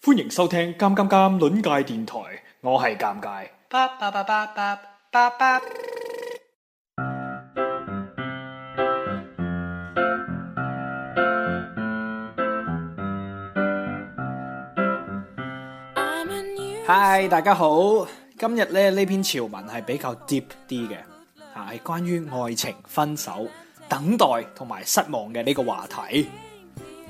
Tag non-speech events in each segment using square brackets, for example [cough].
歡迎收聽《尷尷尷》鄰界電台，我係尷尬。Hi，大家好，今日咧呢篇潮文係比較 deep 啲嘅，啊係關於愛情、分手、等待同埋失望嘅呢個話題。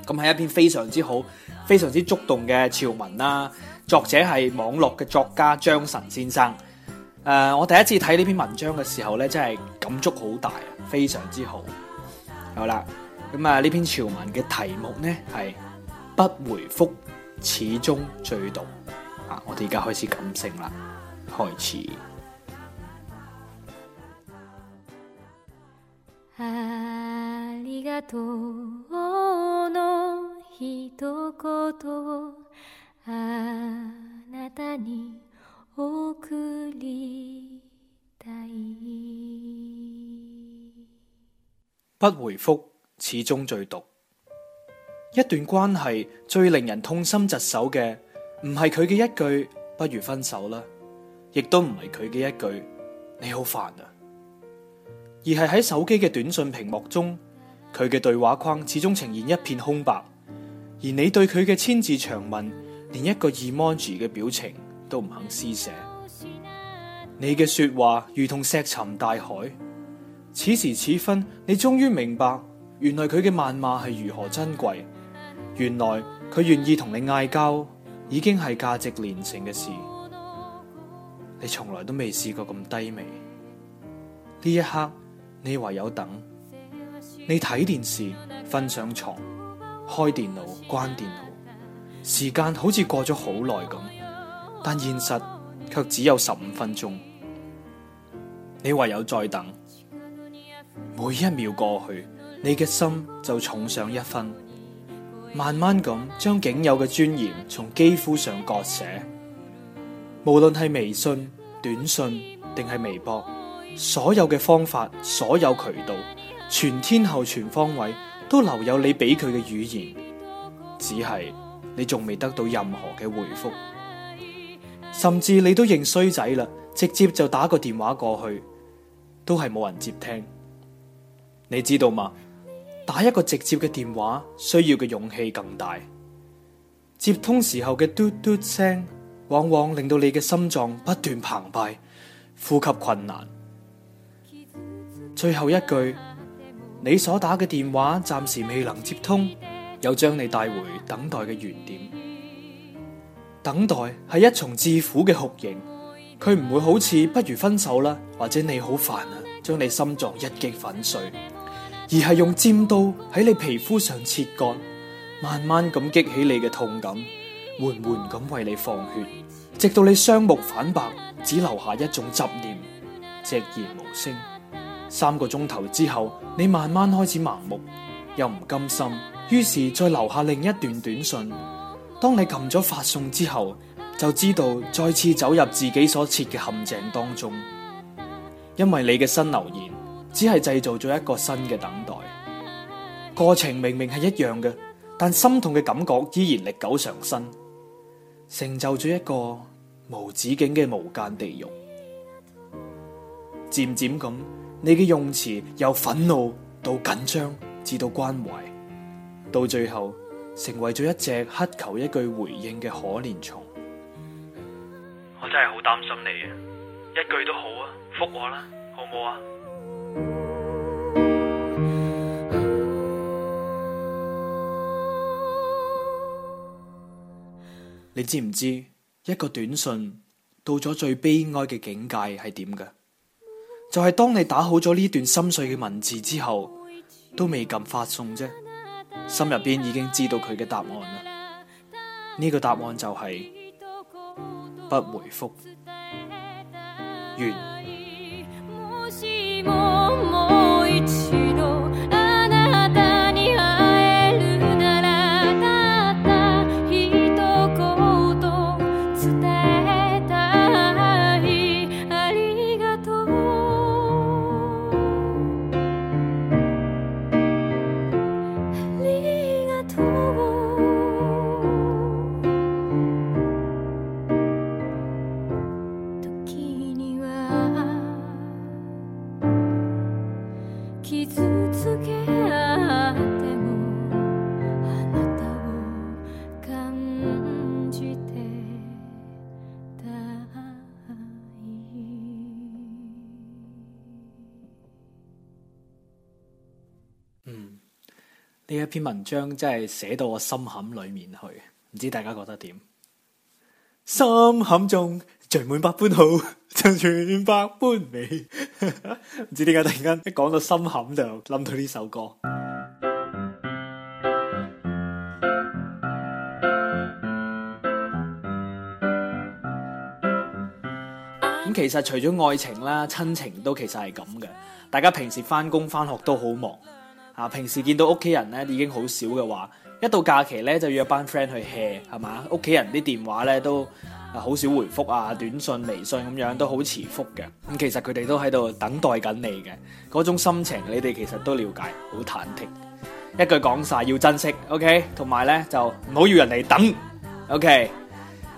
咁係一篇非常之好、非常之觸動嘅潮文啦。作者係網絡嘅作家張晨先生。誒、呃，我第一次睇呢篇文章嘅時候咧，真係感觸好大，非常之好。好啦，咁啊，呢篇潮文嘅題目呢係不回覆始終最毒啊！我哋而家開始感性啦，開始。不回覆，始終最毒。一段關係最令人痛心疾首嘅，唔係佢嘅一句“不如分手啦”，亦都唔係佢嘅一句“你好煩啊”，而係喺手機嘅短信屏幕中，佢嘅對話框始終呈現一片空白。而你對佢嘅千字長文，連一個 emoji 嘅表情都唔肯施捨。你嘅說話如同石沉大海。此時此分，你終於明白原他的漫是，原來佢嘅謾罵係如何珍貴。原來佢願意同你嗌交，已經係價值連城嘅事。你從來都未試過咁低微。呢一刻，你唯有等。你睇電視，瞓上床。開電腦，關電腦，時間好似過咗好耐咁，但現實卻只有十五分鐘。你唯有再等，每一秒過去，你嘅心就重上一分，慢慢咁將僅有嘅尊嚴從肌膚上割捨。無論係微信、短信定係微博，所有嘅方法，所有渠道，全天候、全方位。都留有你俾佢嘅語言，只係你仲未得到任何嘅回覆，甚至你都認衰仔啦，直接就打個電話過去，都係冇人接聽。你知道嘛？打一個直接嘅電話需要嘅勇氣更大，接通時候嘅嘟嘟聲，往往令到你嘅心臟不斷澎湃，呼吸困難。最後一句。你所打嘅電話暫時未能接通，又將你帶回等待嘅原點。等待係一重致苦嘅酷刑，佢唔會好似不如分手啦，或者你好煩啊，將你心臟一擊粉碎，而係用尖刀喺你皮膚上切割，慢慢咁激起你嘅痛感，緩緩咁為你放血，直到你雙目反白，只留下一種執念，直言無聲。三個鐘頭之後，你慢慢開始盲目，又唔甘心，於是再留下另一段短信。當你撳咗發送之後，就知道再次走入自己所設嘅陷阱當中。因為你嘅新留言只係製造咗一個新嘅等待。過程明明係一樣嘅，但心痛嘅感覺依然歷久常新，成就咗一個無止境嘅無間地獄。漸漸咁。你嘅用詞由憤怒到緊張，至到關懷，到最後成為咗一隻乞求一句回應嘅可憐蟲。我真係好擔心你啊！一句都好啊，覆我啦，好唔好啊？ [music] 你知唔知一個短訊，到咗最悲哀嘅境界係點㗎？就係當你打好咗呢段心碎嘅文字之後，都未敢發送啫，心入邊已經知道佢嘅答案啦。呢個答案就係不回覆，完。 [music] 呢一篇文章真係寫到我心坎裏面去，唔知大家覺得點？心坎中聚滿百般好，就全百般美。唔 [laughs] 知點解突然間一講到心坎就諗到呢首歌。咁其實除咗愛情啦，親情都其實係咁嘅。大家平時返工返學都好忙。啊，平時見到屋企人咧已經好少嘅話，一到假期咧就約班 friend 去 hea，係嘛？屋企人啲電話咧都啊好少回覆啊，短信、微信咁樣都好遲覆嘅。咁其實佢哋都喺度等待緊你嘅，嗰種心情你哋其實都了解，好忐忑。一句講晒要珍惜，OK，同埋咧就唔好要人哋等，OK。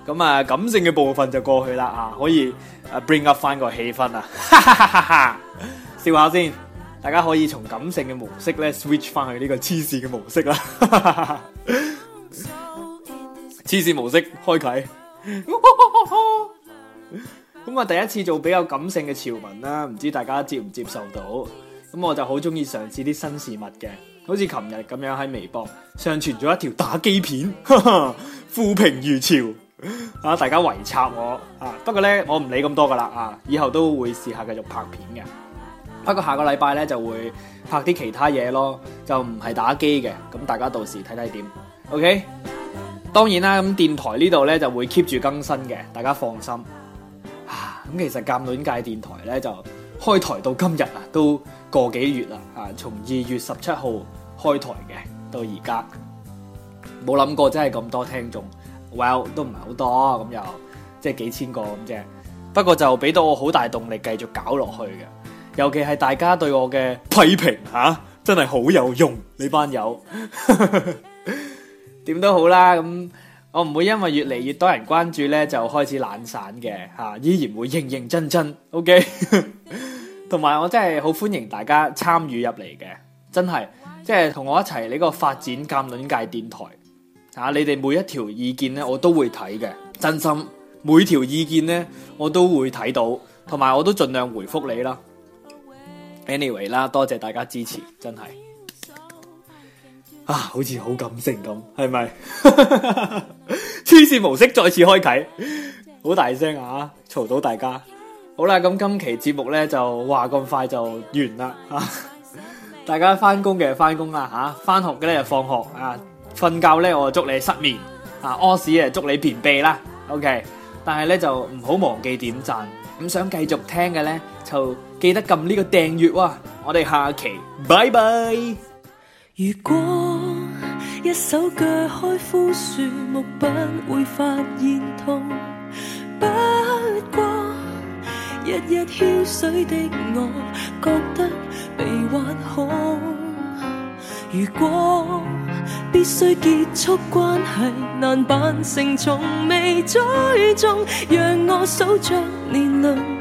咁啊，感性嘅部分就過去啦，啊，可以啊 bring up 翻個氣氛啊，哈哈哈哈哈！笑,笑下先。大家可以從感性嘅模式咧，switch 翻去呢個黐線嘅模式啦。黐 [laughs] 線模式開啓。咁啊，第一次做比較感性嘅潮文啦，唔知大家接唔接受到？咁我就好中意嘗試啲新事物嘅，好似琴日咁樣喺微博上傳咗一條打機片，負 [laughs] 評如潮啊！大家圍插我啊！不過咧，我唔理咁多噶啦啊，以後都會試下繼續拍片嘅。不過下個禮拜咧就會拍啲其他嘢咯，就唔係打機嘅，咁大家到時睇睇點。OK，當然啦，咁電台呢度咧就會 keep 住更新嘅，大家放心。啊，咁其實鑒暖界電台咧就開台到今日啊，都個幾月啦，啊，從二月十七號開台嘅到而家，冇諗過真係咁多聽眾，Well 都唔係好多，咁又即係幾千個咁啫。不過就俾到我好大動力繼續搞落去嘅。尤其係大家對我嘅批評吓，真係好有用。你班友點都好啦，咁 [laughs] 我唔會因為越嚟越多人關注咧，就開始懶散嘅吓，依然會認認真真。OK，同埋我真係好歡迎大家參與入嚟嘅，真係即係同我一齊呢個發展鑑論界電台吓、啊。你哋每一條意見咧，我都會睇嘅，真心每條意見咧，我都會睇到，同埋我都盡量回覆你啦。Anyway 啦，多謝大家支持，真係啊，好似好感性咁，係咪？黐線模式再次開啟，好大聲啊，嘈到大家。好啦，咁今期節目咧就話咁快就完啦啊！大家翻工嘅就翻工啦吓，翻學嘅咧就放學啊，瞓覺咧我就祝你失眠啊，屙屎啊祝你便秘啦，OK。但係咧就唔好忘記點讚，咁想繼續聽嘅咧就。記得撳呢個訂閱喎，我哋下期拜拜。如果一手鋸開枯樹木不會發現痛，不過日日澆水的我覺得被挖空。如果必須結束關係，難扮成從未栽種，讓我數着年輪。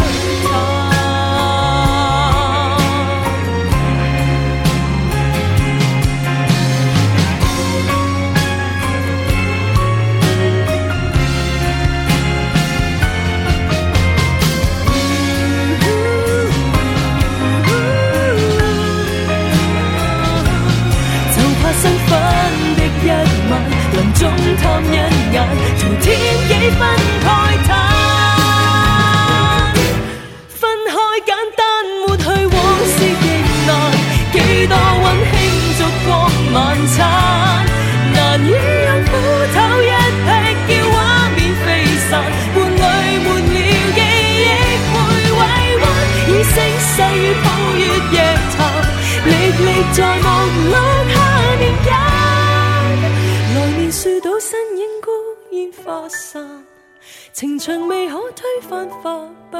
情長未可推翻，化不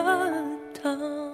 淡。